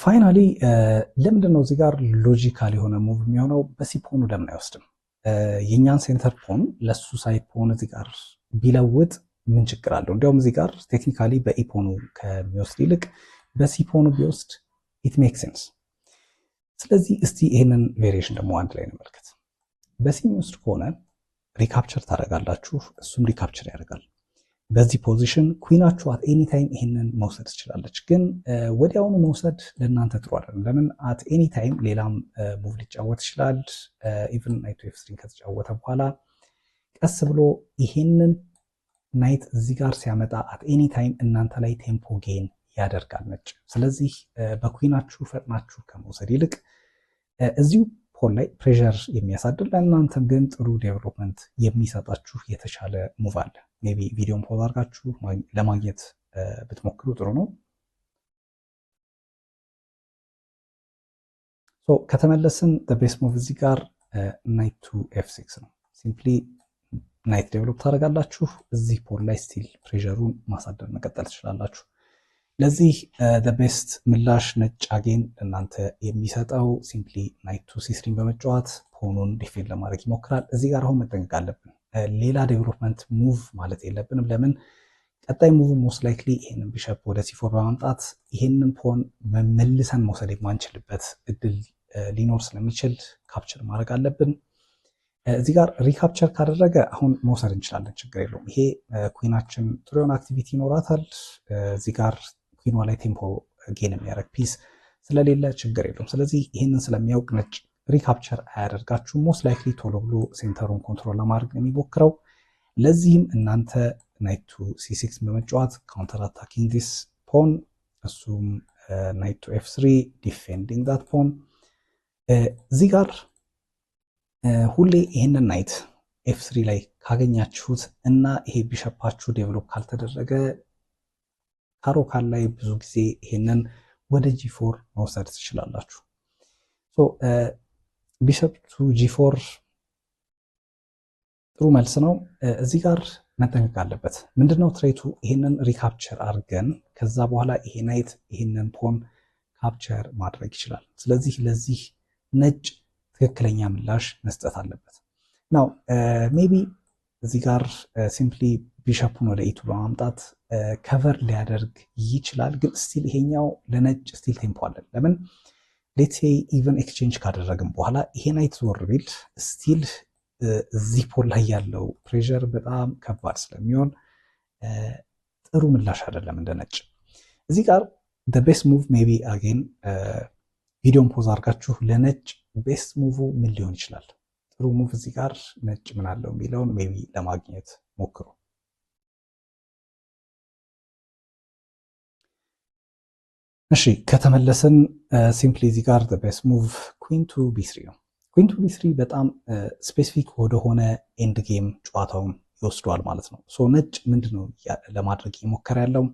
ፋይናሊ ለምንድን ነው እዚህ ጋር ሎጂካል የሆነ ሙቭ የሚሆነው? በሲፖኑ ለምን አይወስድም? የእኛን ሴንተር ፖን ለሱ ሳይፖን እዚህ ጋር ቢለውጥ ምን ችግር አለው? እንዲያውም እዚህ ጋር ቴክኒካሊ በኢፖኑ ከሚወስድ ይልቅ በሲፖኑ ቢወስድ ኢት ሜክ ሴንስ። ስለዚህ እስቲ ይህንን ቬሪሽን ደግሞ አንድ ላይ እንመልከት። በሲ የሚወስድ ከሆነ ሪካፕቸር ታደርጋላችሁ፣ እሱም ሪካፕቸር ያደርጋል። በዚህ ፖዚሽን ኩናችሁ አት ኤኒ ታይም ይህንን መውሰድ ትችላለች። ግን ወዲያውኑ መውሰድ ለእናንተ ጥሩ አይደለም። ለምን አት ኤኒ ታይም ሌላም ሙቭ ሊጫወት ይችላል። ኢቨን ናይት ኤፍ ከተጫወተ በኋላ ቀስ ብሎ ይሄንን ናይት እዚህ ጋር ሲያመጣ አት ኤኒ ታይም እናንተ ላይ ቴምፖ ጌን ያደርጋል ነጭ። ስለዚህ በኩናችሁ ፈጥናችሁ ከመውሰድ ይልቅ እዚሁ ፖል ላይ ፕሬሸር የሚያሳድር ለእናንተም ግን ጥሩ ዴቨሎፕመንት የሚሰጣችሁ የተሻለ ሙቭ አለ። ሜቢ ቪዲዮን ፖዝ አድርጋችሁ ለማግኘት ብትሞክሩ ጥሩ ነው። ከተመለስን ቤስ ሙቭ እዚህ ጋር ናይት ቱ ኤፍ ሲክስ ነው። ሲምፕሊ ናይት ዴቨሎፕ ታደርጋላችሁ። እዚህ ፖል ላይ ስቲል ፕሬሸሩን ማሳደር መቀጠል ትችላላችሁ። ለዚህ ቤስት ምላሽ ነጭ አጌን እናንተ የሚሰጠው ሲምፕሊ ናይት ቱ ሲስሪን በመጫወት ፖኑን ዲፌንድ ለማድረግ ይሞክራል። እዚህ ጋር አሁን መጠንቀቅ አለብን። ሌላ ዴቨሎፕመንት ሙቭ ማለት የለብንም። ለምን ቀጣይ ሙቭ ሞስት ላይክሊ ይህንን ቢሸፕ ወደ ሲፎር በማምጣት ይህንን ፖን መልሰን መውሰድ የማንችልበት እድል ሊኖር ስለሚችል ካፕቸር ማድረግ አለብን። እዚህ ጋር ሪካፕቸር ካደረገ አሁን መውሰድ እንችላለን፣ ችግር የለውም። ይሄ ኩናችን ትሪዮን አክቲቪቲ ይኖራታል። እዚህ ጋር ኩኗ ላይ ቴምፖ ጌን የሚያደርግ ፒስ ስለሌለ ችግር የለውም። ስለዚህ ይህንን ስለሚያውቅ ነጭ ሪካፕቸር አያደርጋችሁም። ሞስት ላይክሊ ቶሎ ብሎ ሴንተሩን ኮንትሮል ለማድረግ ነው የሚሞክረው። ለዚህም እናንተ ናይቱ ቱ ሲ6 በመጫወት ካውንተር አታኪንግ ዲስ ፖን፣ እሱም ናይቱ ኤፍ3 ዲፌንዲንግ ዳት ፖን። እዚህ ጋር uh, ሁሌ ይህንን ናይት ኤፍ3 ላይ ካገኛችሁት እና ይሄ ቢሸፓችሁ ዴቨሎፕ ካልተደረገ ካሮ ካል ላይ ብዙ ጊዜ ይሄንን ወደ ጂ ፎር መውሰድ ትችላላችሁ። uh, ቢሸፕ ቱ ጂፎር ጥሩ መልስ ነው። እዚህ ጋር መጠንቀቅ አለበት። ምንድነው ትሬቱ? ይሄንን ሪካፕቸር አድርገን ከዛ በኋላ ይሄ ናይት ይሄንን ፖን ካፕቸር ማድረግ ይችላል። ስለዚህ ለዚህ ነጭ ትክክለኛ ምላሽ መስጠት አለበት። ናው ሜቢ እዚህ ጋር ሲምፕሊ ቢሸፑን ወደ ኢቱ በማምጣት ከቨር ሊያደርግ ይችላል። ግን ስቲል ይሄኛው ለነጭ ስቲል ቴምፖ አለን። ለምን ሌትሴ ኢቨን ኤክስቼንጅ ካደረግን በኋላ ይሄ ናይት ዞር ቢልድ ስቲል እዚህ ፖል ላይ ያለው ፕሬር በጣም ከባድ ስለሚሆን uh, ጥሩ ምላሽ አይደለም እንደ ነጭ። እዚህ ጋር ቤስት ሙቭ ሜይ ቢ አጌን ቪዲዮን ፖዝ አድርጋችሁ ለነጭ ቤስት ሙቭ ምን ሊሆን ይችላል፣ ጥሩ ሙቭ እዚህ ጋር ነጭ ምን አለው የሚለውን ሜይ ቢ ለማግኘት ሞክሩ። እሺ ከተመለስን ሲምፕሊ እዚህ ጋር ቤስ ሙቭ ኩንቱ ቱ ቢ3 ነው። ኩንቱ ቢ3 በጣም ስፔሲፊክ ወደሆነ ኤንድ ጌም ጨዋታውን ይወስዷል ማለት ነው። ሶ ነጭ ምንድን ነው ለማድረግ እየሞከረ ያለው?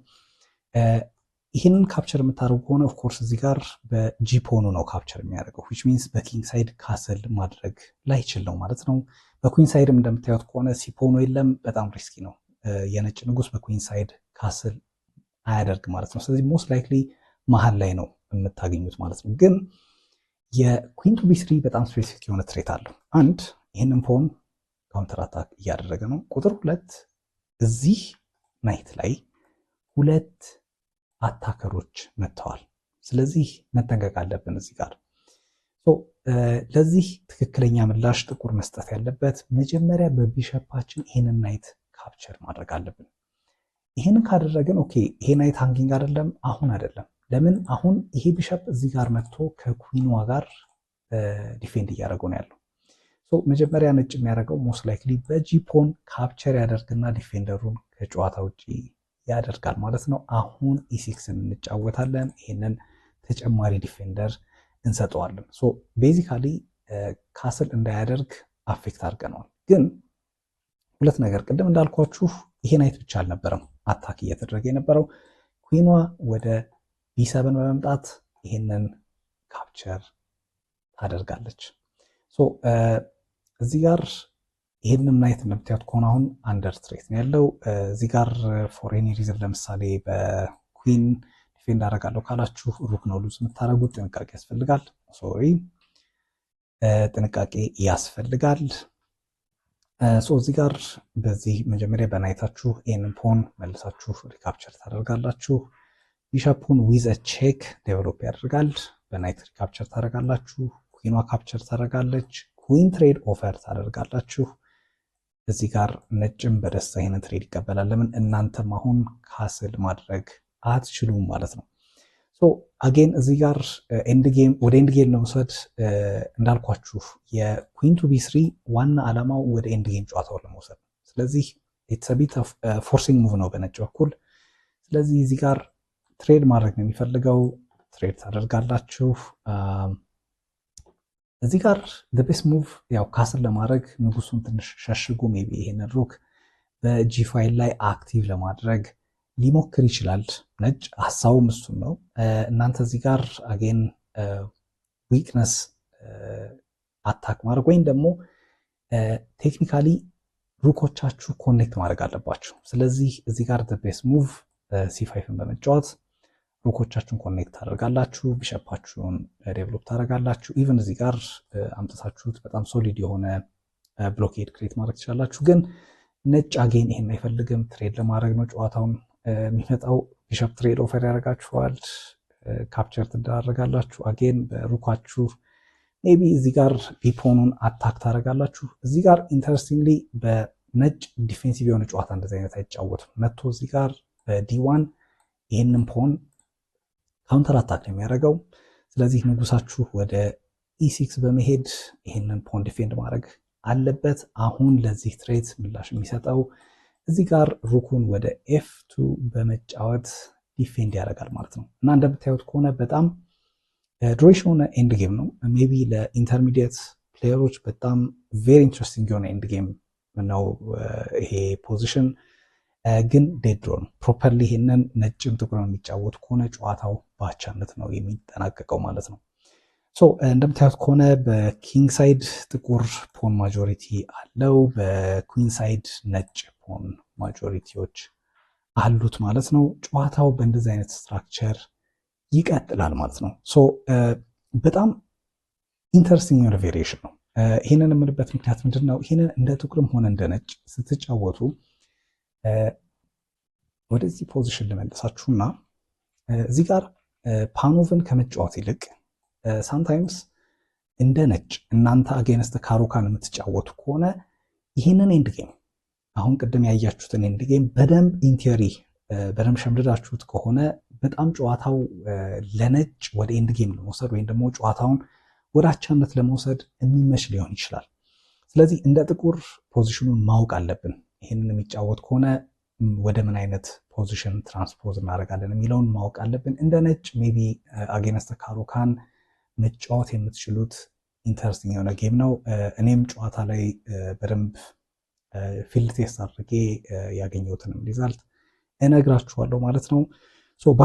ይህንን ካፕቸር የምታደርጉ ከሆነ ኦፍኮርስ እዚህ ጋር በጂፖኑ ነው ካፕቸር የሚያደርገው ዊች ሚንስ በኪንግ ሳይድ ካስል ማድረግ ላይችል ነው ማለት ነው። በኩን ሳይድም እንደምታዩት ከሆነ ሲፖኑ የለም፣ በጣም ሪስኪ ነው። የነጭ ንጉስ በኩን ሳይድ ካስል አያደርግ ማለት ነው። ስለዚህ ሞስት ላይክሊ መሀል ላይ ነው የምታገኙት ማለት ነው። ግን የኩዊን ቱ ቢ በጣም ስፔሲፊክ የሆነ ትሬት አለው። አንድ ይህንን ፖን ካውንተር አታክ እያደረገ ነው። ቁጥር ሁለት እዚህ ናይት ላይ ሁለት አታከሮች መጥተዋል። ስለዚህ መጠንቀቅ አለብን እዚህ ጋር ለዚህ ትክክለኛ ምላሽ ጥቁር መስጠት ያለበት መጀመሪያ በቢሸፓችን ይህንን ናይት ካፕቸር ማድረግ አለብን። ይህንን ካደረግን ኦኬ ይሄ ናይት ሃንጊንግ አይደለም አሁን አይደለም ለምን አሁን ይሄ ቢሸፕ እዚህ ጋር መጥቶ ከኩዊኗ ጋር ዲፌንድ እያደረገው ነው ያለው። መጀመሪያ ነጭ የሚያደርገው ሞስት ላይክሊ በጂፖን ካፕቸር ያደርግና ዲፌንደሩን ከጨዋታ ውጭ ያደርጋል ማለት ነው። አሁን ኢሲክስን እንጫወታለን። ይሄንን ተጨማሪ ዲፌንደር እንሰጠዋለን። ሶ ቤዚካሊ ካስል እንዳያደርግ አፌክት አድርገነዋል። ግን ሁለት ነገር ቅድም እንዳልኳችሁ ይሄን አይት ብቻ አልነበረም አታክ እየተደረገ የነበረው ኩዊኗ ወደ ቢሰብን በመምጣት ይህንን ካፕቸር ታደርጋለች። እዚህ ጋር ይህንን ማየት እንደምታዩት ከሆነ አሁን አንደር ትሬት ነው ያለው። እዚህ ጋር ፎሬን ሪዝን ለምሳሌ በኩን ዲፌንድ አደርጋለሁ ካላችሁ ሩክ ነው ሉዝ የምታደርጉት። ጥንቃቄ ያስፈልጋል። ሶሪ ጥንቃቄ ያስፈልጋል። ሶ እዚህ ጋር በዚህ መጀመሪያ በናይታችሁ ኤንፖን መልሳችሁ ሪካፕቸር ታደርጋላችሁ። ቢሸፑን ዊዘ ቼክ ዴቨሎፕ ያደርጋል። በናይት ካፕቸር ታደርጋላችሁ። ኩዊኗ ካፕቸር ታደርጋለች። ኩዊን ትሬድ ኦፈር ታደርጋላችሁ። እዚህ ጋር ነጭም በደስታ ይህን ትሬድ ይቀበላል። ለምን እናንተም አሁን ካስል ማድረግ አትችሉም ማለት ነው። ሶ አጌን እዚህ ጋር ኤንድጌም ወደ ኤንድጌም ለመውሰድ እንዳልኳችሁ የኩዊን ቱ ቢ ዋና ዓላማው ወደ ኤንድጌም ጨዋታውን ለመውሰድ ነው። ስለዚህ ኢትስ ቢት ፎርሲንግ ሙቭ ነው በነጭ በኩል። ስለዚህ እዚህ ጋር ትሬድ ማድረግ ነው የሚፈልገው፣ ትሬድ ታደርጋላችሁ። እዚህ ጋር ቤስ ሙቭ ያው ካስል ለማድረግ ንጉሱን ትንሽ ሸሽጉ። ቢ ይሄንን ሩክ በጂ ፋይል ላይ አክቲቭ ለማድረግ ሊሞክር ይችላል። ነጭ ሀሳቡም እሱን ነው። እናንተ እዚህ ጋር አጌን ዊክነስ አታክ ማድረግ ወይም ደግሞ ቴክኒካሊ ሩኮቻችሁ ኮኔክት ማድረግ አለባችሁ። ስለዚህ እዚህ ጋር ቤስ ሙቭ ሲፋይፍን በመጫወት ሩኮቻችሁን ኮኔክት ታደርጋላችሁ፣ ቢሸፓችሁን ዴቨሎፕ ታደርጋላችሁ። ኢቨን እዚህ ጋር አምጥታችሁት በጣም ሶሊድ የሆነ ብሎኬድ ክሬት ማድረግ ትችላላችሁ። ግን ነጭ አጌን ይሄን አይፈልግም። ትሬድ ለማድረግ ነው ጨዋታውን የሚመጣው። ቢሸፕ ትሬድ ኦፈር ያደርጋችኋል፣ ካፕቸር ትደራረጋላችሁ። አጌን በሩኳችሁ ሜቢ እዚህ ጋር ቢፖኑን አታክ ታደርጋላችሁ። እዚህ ጋር ኢንተረስቲንግሊ በነጭ ዲፌንሲቭ የሆነ ጨዋታ እንደዚህ አይነት አይጫወትም። መጥቶ እዚህ ጋር በዲዋን ይህንን ፖን ካውንተር አታክ ነው የሚያደርገው። ስለዚህ ንጉሳችሁ ወደ ኢሲክስ e በመሄድ ይህንን ፖን ዲፌንድ ማድረግ አለበት። አሁን ለዚህ ትሬት ምላሽ የሚሰጠው እዚህ ጋር ሩኩን ወደ ኤፍ ቱ በመጫወት ዲፌንድ ያደርጋል ማለት ነው እና እንደምታዩት ከሆነ በጣም ድሮሽ የሆነ ኤንድ ጌም ነው። ቢ ለኢንተርሚዲየት ፕሌየሮች በጣም ቬሪ ኢንትረስቲንግ የሆነ ኤንድ ጌም ነው ይሄ ፖዚሽን ግን ዴድሮ ነው ፕሮፐርሊ ይሄንን ነጭም ጥቁር የሚጫወት ከሆነ ጨዋታው በአቻነት ነው የሚጠናቀቀው ማለት ነው። ሶ እንደምታዩት ከሆነ በኪንግ ሳይድ ጥቁር ፖን ማጆሪቲ አለው፣ በኩን ሳይድ ነጭ ፖን ማጆሪቲዎች አሉት ማለት ነው። ጨዋታው በእንደዚህ አይነት ስትራክቸር ይቀጥላል ማለት ነው። ሶ በጣም ኢንተረስቲንግ የሆነ ቬሪዬሽን ነው። ይህንን የምንበት ምክንያት ምንድን ነው? ይህንን እንደ ጥቁርም ሆነ እንደ ነጭ ስትጫወቱ ወደዚህ ፖዚሽን ልመልሳችሁና እዚህ ጋር ፓኖቭን ከመጫወት ይልቅ ሳምታይምስ እንደ ነጭ እናንተ አጌነስት ካሩካን የምትጫወቱ ከሆነ ይህንን ኤንድጌም አሁን ቅድም ያያችሁትን ኤንድጌም በደንብ ኢንቴሪ በደንብ ሸምድዳችሁት ከሆነ በጣም ጨዋታው ለነጭ ወደ ኤንድጌም ለመውሰድ ወይም ደግሞ ጨዋታውን ወደ አቻነት ለመውሰድ የሚመች ሊሆን ይችላል። ስለዚህ እንደ ጥቁር ፖዚሽኑን ማወቅ አለብን። ይህንን የሚጫወት ከሆነ ወደ ምን አይነት ፖዚሽን ትራንስፖዝ እናደርጋለን የሚለውን ማወቅ አለብን። እንደ ነጭ ሜቢ አጌነስተ ካሮካን መጫወት የምትችሉት ኢንተረስቲንግ የሆነ ጌም ነው። እኔም ጨዋታ ላይ በደንብ ፊልድ ቴስት አድርጌ ያገኘሁትንም ሪዛልት እነግራችኋለሁ ማለት ነው። ሶ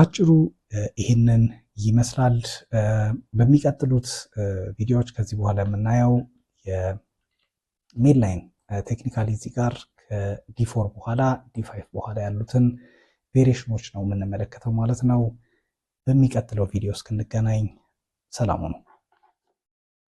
ይህንን ይመስላል። በሚቀጥሉት ቪዲዮዎች ከዚህ በኋላ የምናየው የሜን ላይን ቴክኒካሊ ጋር ከዲፎር በኋላ ዲ ዲፋይቭ በኋላ ያሉትን ቬሪሽኖች ነው የምንመለከተው ማለት ነው። በሚቀጥለው ቪዲዮ እስክንገናኝ ሰላም ነው።